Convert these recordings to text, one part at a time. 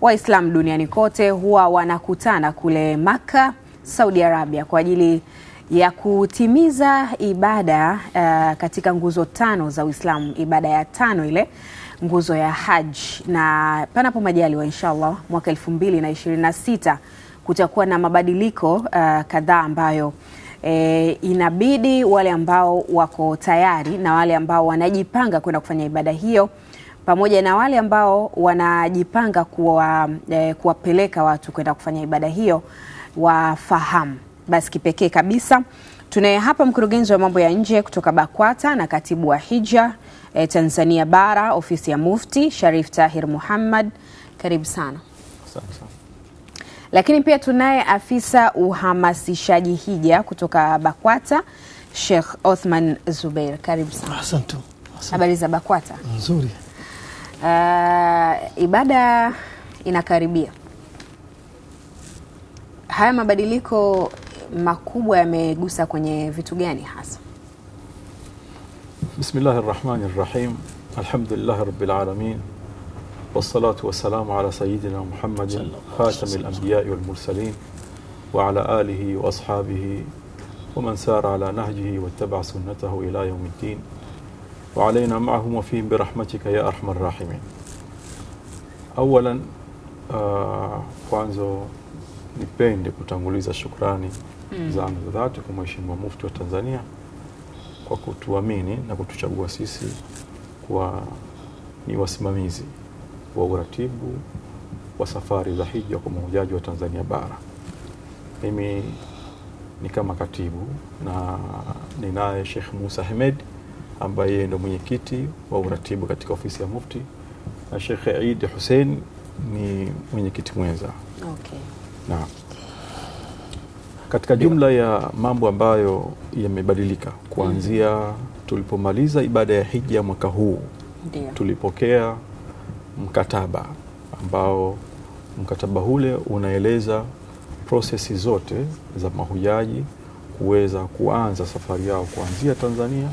Waislamu duniani kote huwa wanakutana kule Maka, Saudi Arabia kwa ajili ya kutimiza ibada uh, katika nguzo tano za Uislamu, ibada ya tano ile nguzo ya Hajj, na panapo majaliwa inshallah mwaka 2026 kutakuwa na mabadiliko uh, kadhaa ambayo E, inabidi wale ambao wako tayari na wale ambao wanajipanga kwenda kufanya ibada hiyo pamoja na wale ambao wanajipanga kuwa, eh, kuwapeleka watu kwenda kufanya ibada hiyo wafahamu basi kipekee kabisa tunaye hapa mkurugenzi wa mambo ya nje kutoka BAKWATA na katibu wa hija eh, Tanzania bara ofisi ya Mufti Sharif Tahir Muhammad, karibu sana. Lakini pia tunaye afisa uhamasishaji hija kutoka BAKWATA Sheikh Othman Zubeir, karibu sana. Habari za BAKWATA? Nzuri. Uh, ibada inakaribia. Haya mabadiliko makubwa yamegusa kwenye vitu gani hasa? Bismillahi rahmani rahim, alhamdulillahi rabbil alamin wassalatu wassalamu ala sayidina Muhammadin khatamil anbiyai wal mursalin wa ala alihi wa ashabihi wa man sara ala nahjihi wattaba sunnatahu ila yaumiddin وعلينا معهم وفيهم برحمتك يا أرحم الراحمين أولا kwanza uh, nipende kutanguliza shukrani mm. zangu za dhati kwa Mheshimiwa Mufti wa Tanzania kwa kutuamini na kutuchagua sisi kuwa ni wasimamizi wa uratibu wa safari za hija kwa mahujaji wa Tanzania bara. Mimi ni kama katibu na ninaye Sheikh Musa Hemed ambaye ndo mwenyekiti wa uratibu katika ofisi ya Mufti na shekhe Id Hussein ni mwenyekiti mwenza. Okay. Na katika jumla ya mambo ambayo yamebadilika kuanzia tulipomaliza ibada ya hija mwaka huu Ndiyo. tulipokea mkataba ambao mkataba ule unaeleza prosesi zote za mahujaji kuweza kuanza safari yao kuanzia Tanzania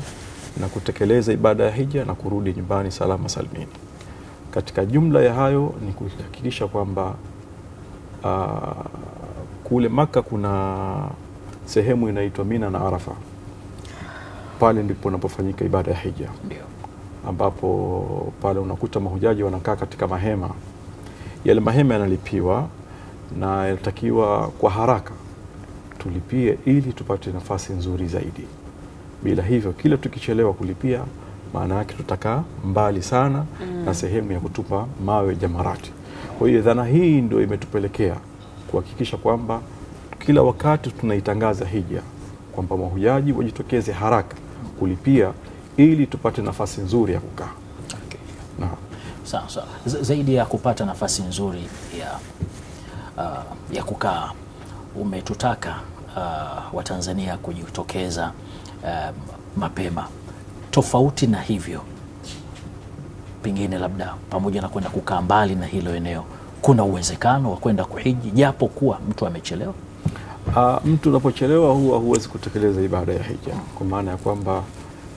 na kutekeleza ibada ya hija na kurudi nyumbani salama salimini. Katika jumla ya hayo ni kuhakikisha kwamba uh, kule Maka kuna sehemu inaitwa Mina na Arafa, pale ndipo unapofanyika ibada ya hija, ambapo pale unakuta mahujaji wanakaa katika mahema. Yale mahema yanalipiwa na yanatakiwa kwa haraka tulipie ili tupate nafasi nzuri zaidi. Bila hivyo kila tukichelewa kulipia maana yake tutakaa mbali sana mm. na sehemu ya kutupa mawe Jamarati. Kwa hiyo dhana hii ndio imetupelekea kuhakikisha kwamba kila wakati tunaitangaza hija kwamba mahujaji wajitokeze haraka kulipia ili tupate nafasi nzuri ya kukaa. Okay. Na. Sawa sawa. Zaidi ya kupata nafasi nzuri ya, uh, ya kukaa umetutaka uh, Watanzania kujitokeza Um, mapema. Tofauti na hivyo, pengine labda pamoja na kwenda kukaa mbali na hilo eneo, kuna uwezekano wa kwenda kuhiji japo kuwa mtu amechelewa. Uh, mtu unapochelewa huwa huwezi kutekeleza ibada ya hija, kwa maana ya kwamba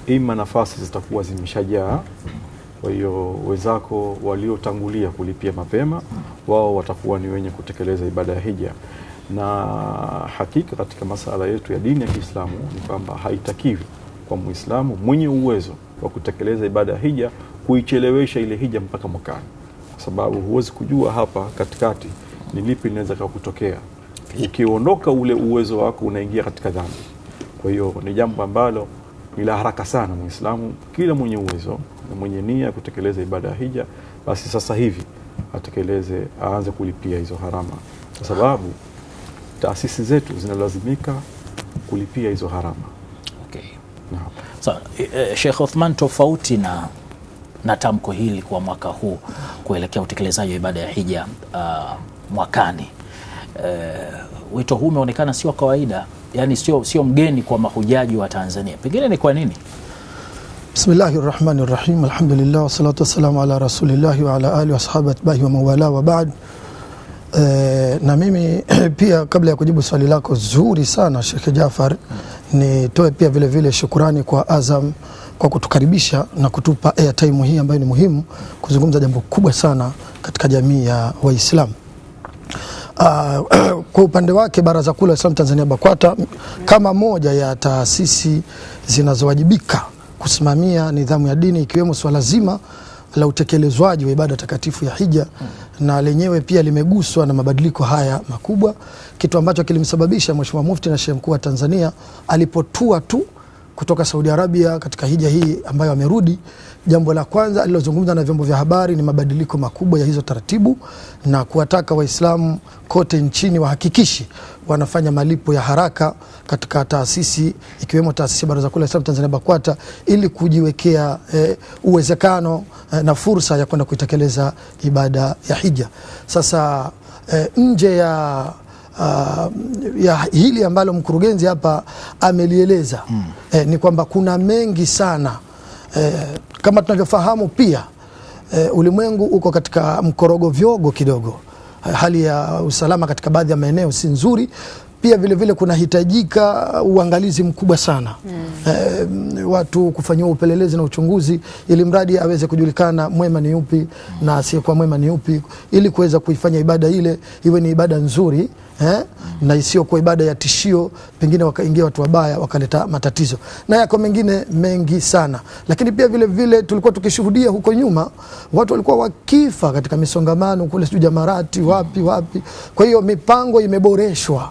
ima nafasi zitakuwa zimeshajaa. Kwa hiyo wenzako waliotangulia kulipia mapema, wao watakuwa ni wenye kutekeleza ibada ya hija na hakika katika masala yetu ya dini ya Kiislamu ni kwamba haitakiwi kwa Muislamu mwenye uwezo wa kutekeleza ibada ya hija kuichelewesha ile hija mpaka mwakani, kwa sababu huwezi kujua hapa katikati ni lipi linaweza kutokea. Ukiondoka ule uwezo wako, unaingia katika dhambi. Kwa hiyo ni jambo ambalo ni la haraka sana. Muislamu kila mwenye uwezo na mwenye nia ya kutekeleza ibada ya hija, basi sasa hivi atekeleze, aanze kulipia hizo harama, kwa sababu taasisi zetu zinalazimika kulipia hizo harama. Okay. No. So, e, Sheikh Othman, tofauti na na tamko hili kwa mwaka huu kuelekea utekelezaji wa ibada ya hija uh, mwakani e, wito huu umeonekana sio kawaida, yani sio sio mgeni kwa mahujaji wa Tanzania, pengine ni kwa nini? Bismillahi rahmani rahim, alhamdulillah wassalatu wassalamu ala rasulillahi wa ala alihi washabi atbahi wa mawala wa baad E, na mimi pia kabla ya kujibu swali lako zuri sana Sheikh Jafar, nitoe pia vile vile shukurani kwa Azam kwa kutukaribisha na kutupa airtime hii ambayo ni muhimu kuzungumza jambo kubwa sana katika jamii ya Waislamu. Uh, kwa upande wake Baraza Kuu la Waislamu Tanzania BAKWATA kama moja ya taasisi zinazowajibika kusimamia nidhamu ya dini ikiwemo swala zima la utekelezwaji wa ibada takatifu ya hija na lenyewe pia limeguswa na mabadiliko haya makubwa, kitu ambacho kilimsababisha Mheshimiwa Mufti na Shehe Mkuu wa Tanzania alipotua tu kutoka Saudi Arabia katika hija hii ambayo amerudi, jambo la kwanza alilozungumza na vyombo vya habari ni mabadiliko makubwa ya hizo taratibu na kuwataka Waislamu kote nchini wahakikishe wanafanya malipo ya haraka katika taasisi ikiwemo taasisi ya Baraza Kuu la Islam Tanzania BAKWATA ili kujiwekea e, uwezekano e, na fursa ya kwenda kuitekeleza ibada ya hija. Sasa e, nje ya uh, ya hili ambalo mkurugenzi hapa amelieleza mm. eh, ni kwamba kuna mengi sana eh, kama tunavyofahamu pia eh, ulimwengu uko katika mkorogo vyogo kidogo eh, hali ya usalama katika baadhi ya maeneo si nzuri pia vilevile vile kunahitajika uangalizi mkubwa sana mm. E, watu kufanyiwa upelelezi na uchunguzi, ili mradi aweze kujulikana mwema ni upi mm. na asiyekuwa mwema ni upi, ili kuweza kuifanya ibada ile iwe ni ibada nzuri eh, mm. na isiyokuwa ibada ya tishio, pengine wakaingia watu wabaya wakaleta matatizo, na yako mengine mengi sana. Lakini pia vile vile tulikuwa tukishuhudia huko nyuma watu walikuwa wakifa katika misongamano kule, sijui Jamarati wapi wapi. Kwa hiyo mipango imeboreshwa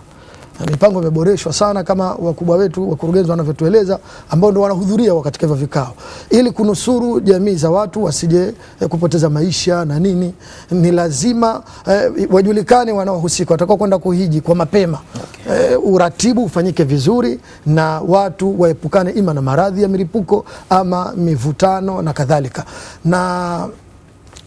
na mipango imeboreshwa sana kama wakubwa wetu wakurugenzi wanavyotueleza, ambao ndio wanahudhuria katika hivyo vikao, ili kunusuru jamii za watu wasije eh, kupoteza maisha na nini. Ni lazima eh, wajulikane wanaohusika watakao kwenda kuhiji kwa mapema okay. Eh, uratibu ufanyike vizuri na watu waepukane ima na maradhi ya milipuko ama mivutano na kadhalika na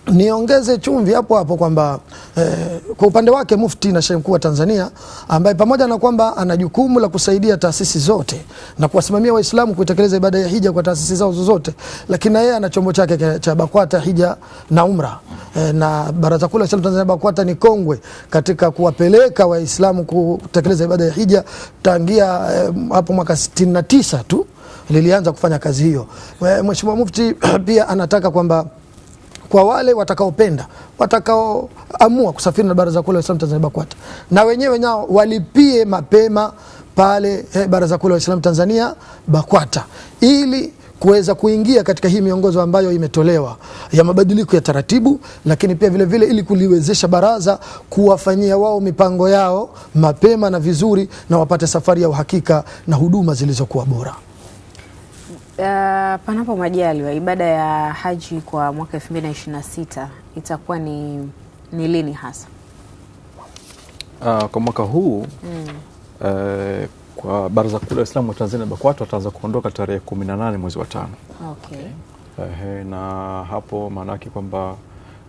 Niongeze chumvi hapo hapo kwamba eh, kwa upande wake Mufti na Sheikh Mkuu wa Tanzania ambaye pamoja na kwamba ana jukumu la kusaidia taasisi zote na kuwasimamia Waislamu kutekeleza ibada ya hija kwa taasisi zao zozote, lakini na yeye ana chombo chake cha BAKWATA hija na umra eh, na Baraza Kuu la Waislamu Tanzania BAKWATA ni kongwe katika kuwapeleka Waislamu kutekeleza ibada ya hija tangia eh, hapo mwaka 69 tu lilianza kufanya kazi hiyo. Eh, Mheshimiwa Mufti pia anataka kwamba kwa wale watakaopenda watakaoamua kusafiri na Baraza Kuu la Waislamu Tanzania BAKWATA, na wenyewe nao walipie mapema pale eh, Baraza Kuu la Waislamu Tanzania BAKWATA ili kuweza kuingia katika hii miongozo ambayo imetolewa ya mabadiliko ya taratibu, lakini pia vile vile ili kuliwezesha baraza kuwafanyia wao mipango yao mapema na vizuri, na wapate safari ya uhakika na huduma zilizokuwa bora. Uh, panapo majaliwa ibada ya haji kwa mwaka 2026 itakuwa ni, ni lini hasa? Uh, kwa mwaka huu mm. uh, kwa Baraza Kuu la Waislamu wa Tanzania BAKWATA wataanza kuondoka tarehe nane mwezi wa tano. Okay. Uh, na hapo maana yake kwamba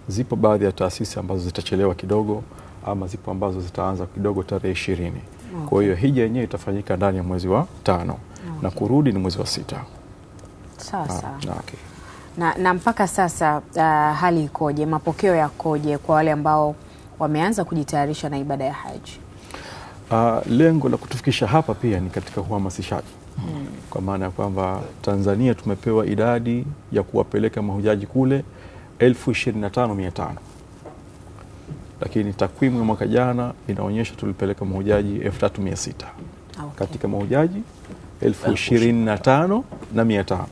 zipo baadhi ya taasisi ambazo zitachelewa kidogo ama zipo ambazo zitaanza kidogo tarehe ishirini. Okay. Kwa hiyo hija yenyewe itafanyika ndani ya mwezi wa tano. Okay. Na kurudi ni mwezi wa sita. Sasa. Ah, ah, okay. Na, na mpaka sasa uh, hali ikoje? Mapokeo yakoje kwa wale ambao wameanza kujitayarisha na ibada ya haji? Uh, lengo la kutufikisha hapa pia ni katika uhamasishaji hmm. Kwa maana ya kwamba Tanzania tumepewa idadi ya kuwapeleka mahujaji kule elfu ishirini na tano mia tano lakini takwimu ya mwaka jana inaonyesha tulipeleka mahujaji elfu tatu mia sita okay. Katika mahujaji elfu ishirini na tano na mia tano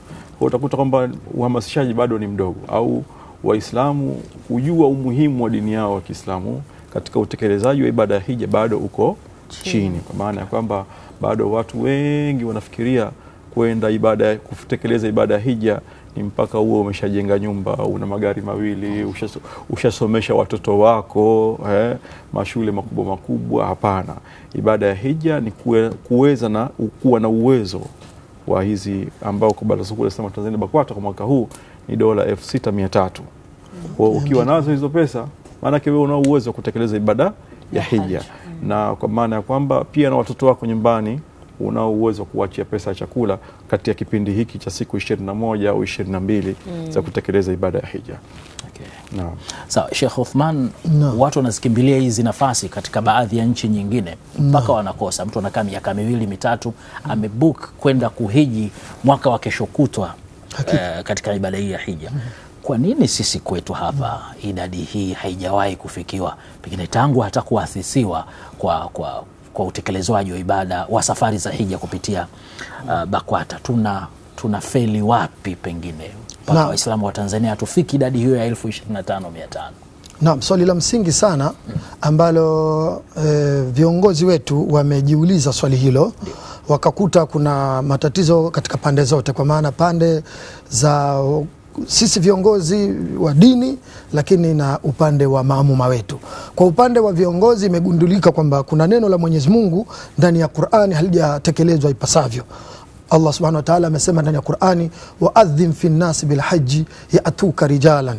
utakuta kwamba uhamasishaji bado ni mdogo, au Waislamu kujua umuhimu wa dini yao wa Kiislamu katika utekelezaji wa ibada ya hija bado uko chini, chini. Kwa maana ya kwamba bado watu wengi wanafikiria kwenda ibada kutekeleza ibada ya hija ni mpaka huo umeshajenga nyumba, una magari mawili, ushasomesha ushasomesha watoto wako eh, mashule makubwa makubwa. Hapana, ibada ya hija ni kuweza na kuwa na uwezo wa hizi ambao kwa Baraza Kuu la Islamu Tanzania BAKWATA kwa mwaka huu ni dola elfu sita mia tatu kwa ukiwa nazo hizo pesa, maanake wewe unao uwezo wa kutekeleza ibada ya hija, mm. na kwa maana ya kwamba pia na watoto wako nyumbani unao uwezo wa kuachia pesa ya chakula kati ya kipindi hiki cha siku ishirini na moja au ishirini na mbili mm. za kutekeleza ibada ya hija yake. Naam. Sawa, Sheikh Othman, watu wanazikimbilia hizi nafasi katika baadhi ya nchi nyingine mpaka wanakosa. Mtu anakaa miaka miwili mitatu amebook kwenda kuhiji mwaka wa kesho kutwa uh, katika ibada hii ya hija. Kwa nini sisi kwetu hapa idadi hii haijawahi kufikiwa, pengine tangu hata kuathisiwa kwa, kwa, kwa utekelezwaji wa ibada wa safari za hija kupitia uh, BAKWATA? Tuna tuna feli wapi pengine mpaka Waislamu wa Tanzania hatufiki idadi hiyo ya elfu ishirini Naam, swali la msingi sana ambalo e, viongozi wetu wamejiuliza swali hilo wakakuta kuna matatizo katika pande zote, kwa maana pande za sisi viongozi wa dini, lakini na upande wa maamuma wetu. Kwa upande wa viongozi, imegundulika kwamba kuna neno la Mwenyezi Mungu ndani ya Qur'ani halijatekelezwa ipasavyo. Allah subhana wataala amesema ndani ya Qur'ani, waadhin fi nnasi bilhaji yatuka rijalan,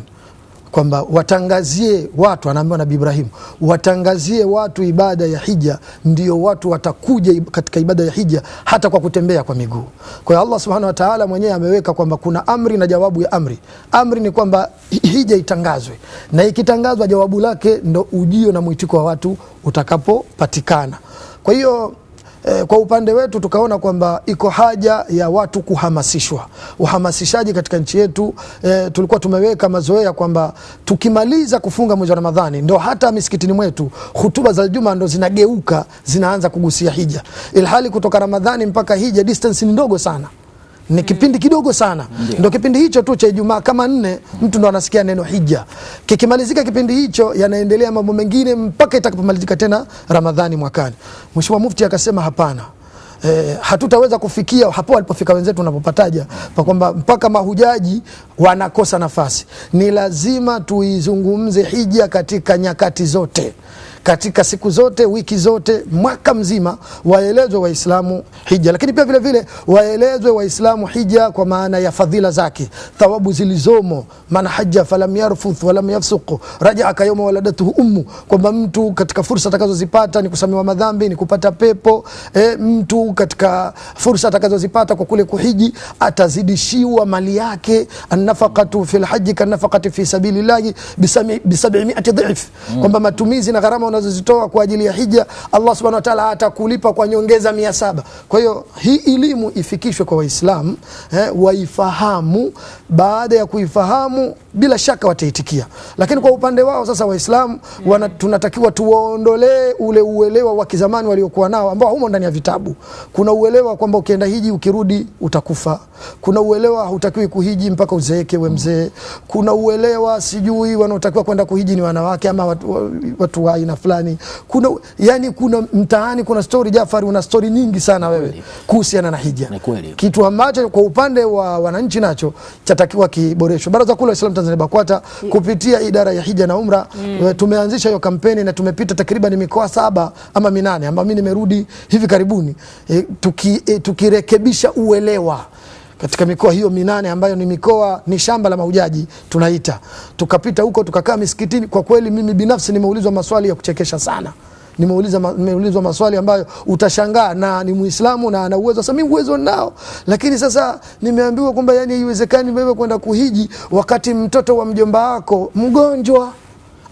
kwamba watangazie watu, anaambiwa nabi ibrahimu watangazie watu ibada ya hija, ndio watu watakuja katika ibada ya hija hata kwa kutembea kwa miguu. Kwa hiyo Allah subhana wataala mwenyewe ameweka kwamba kuna amri na jawabu ya amri. Amri ni kwamba hija itangazwe, na ikitangazwa jawabu lake ndo ujio na mwitiko wa watu utakapopatikana. Kwa hiyo E, kwa upande wetu tukaona kwamba iko haja ya watu kuhamasishwa, uhamasishaji katika nchi yetu. E, tulikuwa tumeweka mazoea kwamba tukimaliza kufunga mwezi wa Ramadhani ndo hata misikitini mwetu hutuba za Ijumaa ndo zinageuka zinaanza kugusia hija, ilhali kutoka Ramadhani mpaka hija distance ni ndogo sana ni kipindi kidogo sana, ndo kipindi hicho tu cha Ijumaa kama nne, mtu ndo anasikia neno hija. Kikimalizika kipindi hicho, yanaendelea mambo mengine mpaka itakapomalizika tena Ramadhani mwakani. Mheshimiwa Mufti akasema hapana. E, hatutaweza kufikia hapo walipofika wenzetu unapopataja pa kwamba mpaka mahujaji wanakosa nafasi. Ni lazima tuizungumze hija katika nyakati zote katika siku zote, wiki zote, mwaka mzima waelezwe Waislamu hija, lakini pia vile vile waelezwe Waislamu hija kwa maana ya fadhila zake, thawabu zilizomo. Man haja falam yarfuth walam yafsuq rajaa kayoma waladatuhu ummu, kwamba mtu katika fursa atakazozipata ni kusamewa madhambi, ni kupata pepo e, mtu katika fursa atakazozipata kwa kule kuhiji atazidishiwa mali yake, annafaqatu fil haji kanafaqati fi sabilillahi bi 700 dhif, mm. kwamba matumizi na gharama unazozitoa kwa ajili ya hija, Allah subhanahu wa ta'ala atakulipa kwa nyongeza mia saba. Kwa hiyo hii elimu ifikishwe kwa Waislamu eh, waifahamu. Baada ya kuifahamu, bila shaka wataitikia. Lakini kwa upande wao sasa Waislamu wana, tunatakiwa tuwaondolee ule uelewa wa kizamani waliokuwa nao ambao humo ndani ya vitabu. Kuna uelewa kwamba ukienda hiji ukirudi utakufa. Kuna uelewa hutakiwi kuhiji mpaka uzeeke we mzee. Kuna uelewa sijui wanaotakiwa kwenda kuhiji ni wanawake ama watu, watu wa aina fulani, kuna yani, kuna mtaani, kuna stori Jafari, una stori nyingi sana wewe kuhusiana na hija, kitu ambacho kwa upande wa wananchi nacho chatakiwa kiboreshwe. Baraza Kuu la Waislamu Tanzania BAKWATA mm. kupitia idara ya hija na umra mm. Eh, tumeanzisha hiyo kampeni na tumepita takriban mikoa saba ama minane ambayo mimi nimerudi hivi karibuni e, eh, tukirekebisha e, eh, tukirekebisha uelewa katika mikoa hiyo minane ambayo ni mikoa ni shamba la mahujaji tunaita. Tukapita huko tukakaa misikitini. Kwa kweli mimi binafsi nimeulizwa maswali ya kuchekesha sana, nimeulizwa nimeulizwa maswali ambayo utashangaa, na ni Muislamu na ana uwezo. Sasa mimi uwezo nao, lakini sasa nimeambiwa kwamba yani haiwezekani wewe kwenda kuhiji wakati mtoto wa mjomba wako mgonjwa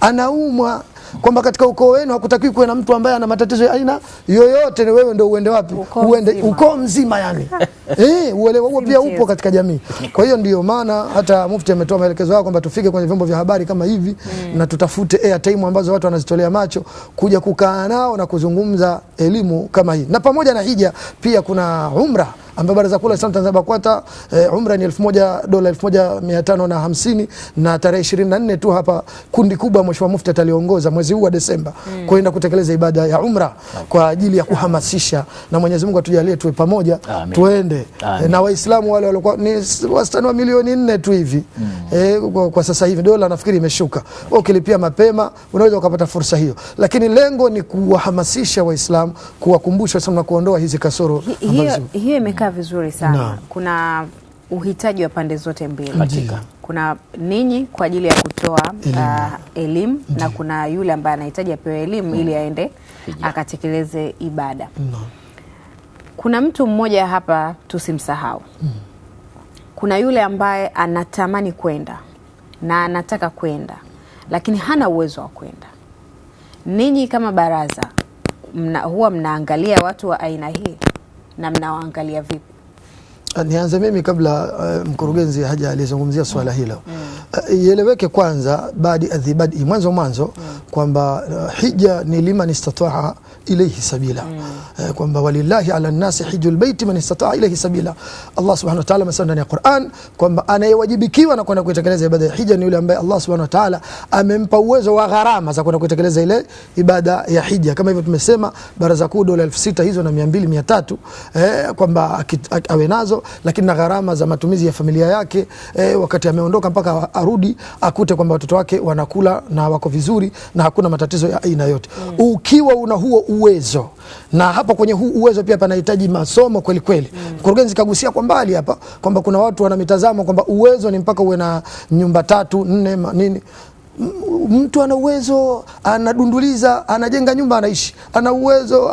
anaumwa kwamba katika ukoo wenu hakutakiwi kuwe na mtu ambaye ana matatizo ya aina yoyote, ni wewe ndio uende wapi? Uende ukoo mzima yani. Eh, uelewa huo pia upo katika jamii. Kwa hiyo ndio maana hata mufti ametoa maelekezo yao kwamba tufike kwenye vyombo vya habari kama hivi mm. na tutafute airtime ambazo watu wanazitolea macho kuja kukaa nao na kuzungumza elimu kama hii, na pamoja na hija pia kuna umra ambayo Baraza Kuu la Islam Tanzania BAKWATA eh, umra ni elfu moja dola elfu moja mia tano na hamsini na tarehe ishirini na nne tu hapa kundi kubwa Mheshimiwa Mufti ataliongoza mwezi huu wa Desemba mm. kwenda kutekeleza ibada ya umra kwa ajili ya kuhamasisha, na Mwenyezi Mungu atujalie tuwe pamoja Amin. tuende Amin. Eh, na Waislamu wale walikuwa ni wastani wa milioni nne tu hivi mm. eh, kwa, kwa sasa hivi dola nafikiri imeshuka. Wewe ukilipia mapema unaweza ukapata fursa hiyo, lakini lengo ni kuwahamasisha Waislamu, kuwakumbusha Waislamu na kuondoa hizi kasoro hiyo hi, hi, umeelezea vizuri sana na, kuna uhitaji wa pande zote mbili katika kuna ninyi kwa ajili ya kutoa uh, elimu na kuna yule ambaye anahitaji apewe elimu mm. ili aende akatekeleze ibada no. Kuna mtu mmoja hapa tusimsahau mm. Kuna yule ambaye anatamani kwenda na anataka kwenda lakini hana uwezo wa kwenda. Ninyi kama baraza mna, huwa mnaangalia watu wa aina hii na mnawaangalia vipi? Ah, nianze mimi kabla uh, mkurugenzi haja alizungumzia swala hilo mm ieleweke kwanza badi adhibadi mwanzo mwanzo mm. kwamba uh, hija ni liman istataa ilaihi sabila mm. Eh, kwamba walillahi ala nnasi hijjul baiti man istataa ilaihi sabila. Allah subhanahu wa ta'ala amesema ndani ya Qur'an kwamba anayewajibikiwa na kwenda kuitekeleza ibada ya hija ni yule ambaye Allah subhanahu wa ta'ala amempa uwezo wa gharama za kwenda kuitekeleza ile ibada ya hija, kama hivyo tumesema baraza kuu dola elfu sita hizo na mia mbili mia tatu eh, kwamba awe nazo, lakini na gharama za matumizi ya familia yake eh, wakati ameondoka mpaka arudi akute kwamba watoto wake wanakula na wako vizuri na hakuna matatizo ya aina yote. Mm. Ukiwa una huo uwezo, na hapa kwenye huu uwezo pia panahitaji masomo kweli kweli. Mm. Mkurugenzi kagusia kwa mbali hapa kwamba kuna watu wana mitazamo kwamba uwezo ni mpaka uwe na nyumba tatu nne nini mtu ana uwezo, anadunduliza, anajenga nyumba, anaishi, ana uwezo,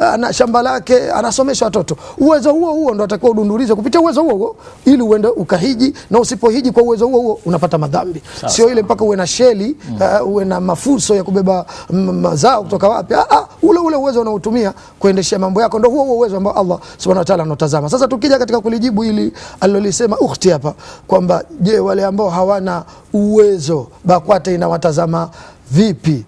ana shamba lake, anasomesha watoto. Uwezo huo huo ndo atakiwa udundulize kupitia uwezo huo huo, ili uende ukahiji, na usipohiji kwa uwezo huo huo unapata madhambi. Sio ile mpaka uwe na sheli, mm. uwe na mafuso ya kubeba mazao kutoka wapi. Ah, ah ule ule uwezo unaotumia kuendeshea mambo yako ndio huo huo uwezo ambao Allah subhanahu wa ta'ala anotazama. Sasa tukija katika kulijibu hili alilolisema ukhti hapa kwamba je, wale ambao hawana uwezo BAKWATA inawatazama vipi?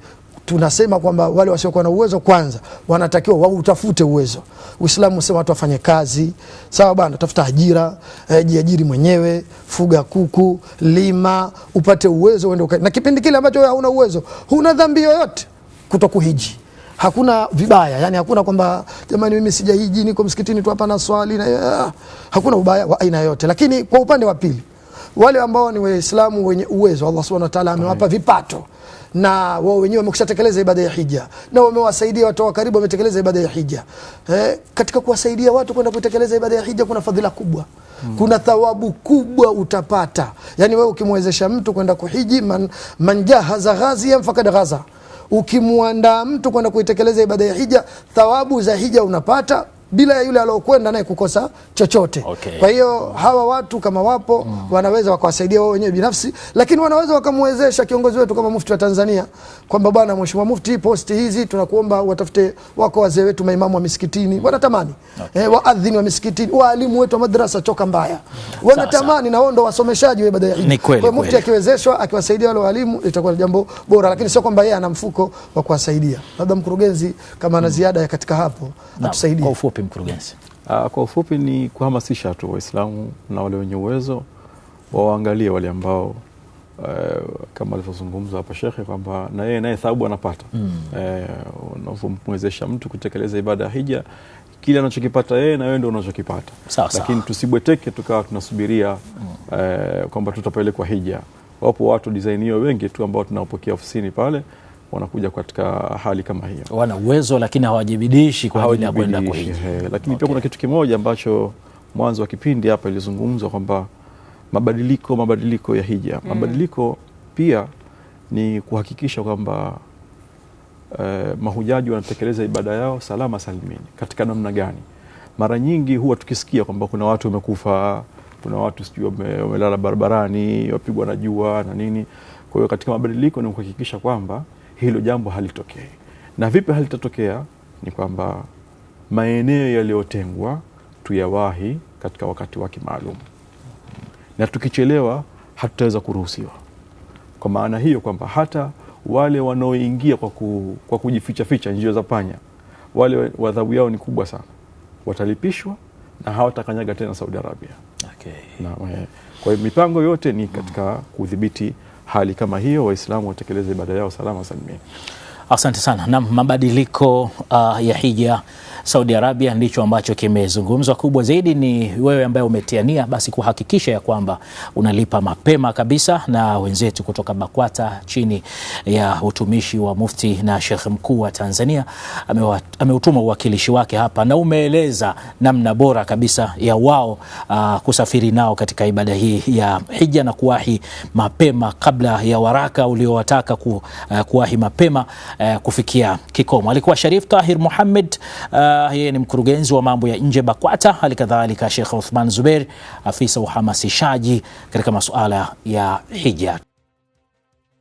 Tunasema kwamba wale wasiokuwa na uwezo kwanza wanatakiwa wautafute uwezo. Uislamu usema watu wafanye kazi, sawa bwana, tafuta ajira eh, jiajiri mwenyewe, fuga kuku, lima, upate uwezo uende. Na kipindi kile ambacho wewe hauna uwezo, huna dhambi yoyote kutokuhiji hakuna vibaya, yani hakuna kwamba jamani, mimi sijahiji niko msikitini tu hapa na swali na, ya. hakuna ubaya wa aina yote. Lakini kwa upande wa pili, wale ambao ni Waislamu wenye uwezo, Allah subhanahu wa ta'ala amewapa vipato na wao wenyewe wamekushatekeleza ibada ya hija na wamewasaidia watu wa karibu wametekeleza ibada ya hija. Eh, katika kuwasaidia watu kwenda kutekeleza ibada ya hija kuna fadhila kubwa Hmm. Kuna thawabu kubwa utapata, yaani wewe ukimwezesha mtu kwenda kuhiji, man, man jahaza ghazian fakad ghaza Ukimwandaa mtu kwenda kuitekeleza ibada ya hija, thawabu za hija unapata bila ya yule aliokwenda naye kukosa chochote. Okay. Kwa hiyo hawa watu kama wapo mm. wanaweza wakawasaidia wao wenyewe binafsi, lakini wanaweza wakamwezesha kiongozi wetu kama mufti wa Tanzania kwamba bwana, mheshimiwa mufti, posti hizi tunakuomba watafute, wako wazee wetu maimamu wa misikitini wanatamani. Okay. Eh, waadhini wa misikitini, waalimu wetu wa madrasa choka mbaya mm. wanatamani, na wao ndo wasomeshaji wa ibada hii. Kwa hiyo mufti akiwezeshwa, akiwasaidia wale waalimu itakuwa jambo bora, lakini sio kwamba yeye ana mfuko wa kuwasaidia. Labda mkurugenzi kama ana mm. ziada katika hapo atusaidie yapi mkurugenzi? Ah, kwa ufupi ni kuhamasisha tu Waislamu na wale wenye uwezo wawaangalie wale ambao Uh, kama alivyozungumza hapa shekhe kwamba na yeye naye thawabu anapata mm. Uh, unavyomwezesha mtu kutekeleza ibada ya hija kile anachokipata yeye na wewe ndio unachokipata, lakini tusibweteke tukawa tunasubiria mm. uh, kwamba tutapelekwa hija. Wapo watu design hiyo wengi tu ambao tunawapokea ofisini pale wanakuja katika hali kama hiyo, wana uwezo lakini hawajibidishi kwa ajili ya kwenda kuhiji. Eh, lakini okay. pia kuna kitu kimoja ambacho mwanzo wa kipindi hapa ilizungumzwa kwamba mabadiliko mabadiliko ya hija mm. mabadiliko pia ni kuhakikisha kwamba eh, mahujaji wanatekeleza ibada yao salama salimini. Katika namna gani? Mara nyingi huwa tukisikia kwamba kuna watu wamekufa, kuna watu sijui wamelala barabarani, wapigwa na jua na nini. Kwa hiyo katika mabadiliko ni kuhakikisha kwamba hilo jambo halitokee Na vipi halitatokea? Ni kwamba maeneo yaliyotengwa tuyawahi katika wakati wake maalum, na tukichelewa hatutaweza kuruhusiwa. Kwa maana hiyo kwamba hata wale wanaoingia kwa, ku, kwa kujificha ficha njia za panya, wale adhabu yao ni kubwa sana, watalipishwa na hawatakanyaga tena Saudi Arabia. Okay. Na, eh, kwa hiyo mipango yote ni katika kudhibiti hali kama hiyo Waislamu watekeleze ibada yao salama salimia. Asante sana. Na mabadiliko uh, ya hija Saudi Arabia ndicho ambacho kimezungumzwa kubwa zaidi. Ni wewe ambaye umetiania basi kuhakikisha ya kwamba unalipa mapema kabisa, na wenzetu kutoka BAKWATA chini ya utumishi wa Mufti na Sheikh Mkuu wa Tanzania ameutuma uwakilishi wake hapa, na umeeleza namna bora kabisa ya wao uh, kusafiri nao katika ibada hii ya hija na kuwahi mapema kabla ya waraka uliowataka ku, uh, kuwahi mapema eh, kufikia kikomo. Alikuwa Sharif Tahir Muhammad, eh, yeye ni mkurugenzi wa mambo ya nje BAKWATA, hali kadhalika Sheikh Uthman Zubeir, afisa uhamasishaji katika masuala ya hija.